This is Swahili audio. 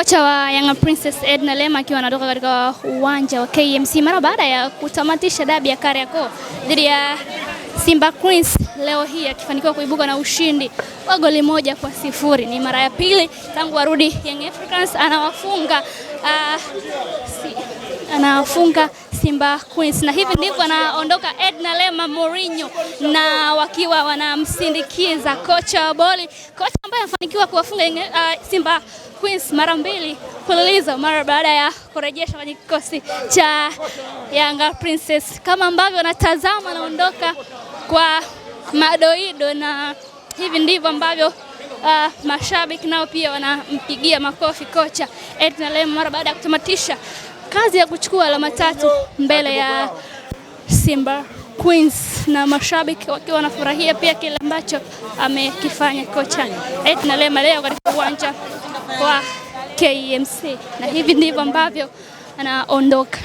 Kocha wa Yanga Princess Edna Lema akiwa anatoka katika uwanja wa KMC mara baada ya kutamatisha dabi ya Kariakoo dhidi ya Simba Queens leo hii akifanikiwa kuibuka na ushindi wa goli moja kwa sifuri. Ni mara ya pili tangu warudi Young Africans anawafunga uh, si, anawafunga Simba Queens, na hivi ndivyo anaondoka Edna Lema Mourinho, na wakiwa wanamsindikiza kocha wa boli, kocha ambaye amefanikiwa kuwafunga uh, Simba Queens mara mbili mfululizo mara baada ya kurejesha kwenye kikosi cha Yanga Princess. Kama ambavyo wanatazama, anaondoka kwa madoido, na hivi ndivyo ambavyo Uh, mashabiki nao pia wanampigia makofi kocha Edna Lema mara baada ya kutamatisha kazi ya kuchukua alama tatu mbele ya Simba Queens na mashabiki wakiwa wanafurahia pia kile ambacho amekifanya kocha Edna eh, Lema leo katika uwanja wa KMC, na hivi ndivyo ambavyo anaondoka.